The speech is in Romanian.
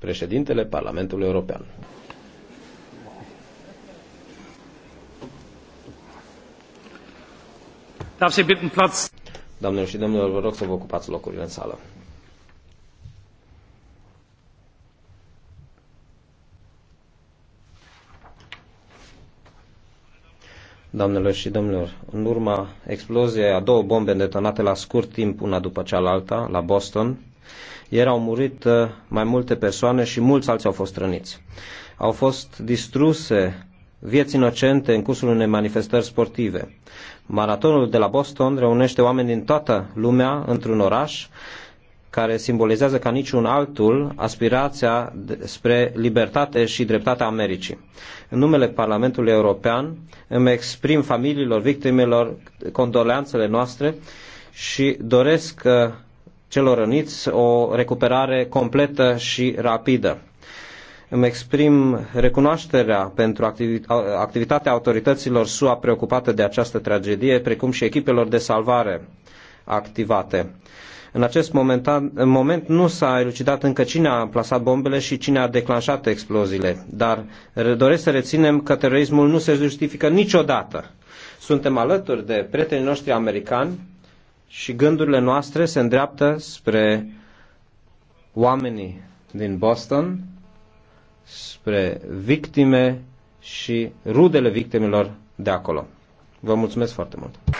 Președintele Parlamentului European. Darf Sie bitten Platz. Doamnelor și domnilor, vă rog să vă ocupați locurile în sală. Doamnelor și domnilor, în urma exploziei a două bombe detonate la scurt timp, una după cealaltă, la Boston, ieri au murit uh, mai multe persoane și mulți alții au fost răniți. Au fost distruse vieți inocente în cursul unei manifestări sportive. Maratonul de la Boston reunește oameni din toată lumea într-un oraș care simbolizează ca niciun altul aspirația spre libertate și dreptatea Americii. În numele Parlamentului European îmi exprim familiilor victimelor condoleanțele noastre și doresc uh, celor răniți o recuperare completă și rapidă. Îmi exprim recunoașterea pentru activitatea autorităților SUA preocupate de această tragedie, precum și echipelor de salvare activate. În acest moment, în moment nu s-a elucidat încă cine a plasat bombele și cine a declanșat exploziile, dar doresc să reținem că terorismul nu se justifică niciodată. Suntem alături de prietenii noștri americani și gândurile noastre se îndreaptă spre oamenii din Boston, spre victime și rudele victimelor de acolo. Vă mulțumesc foarte mult!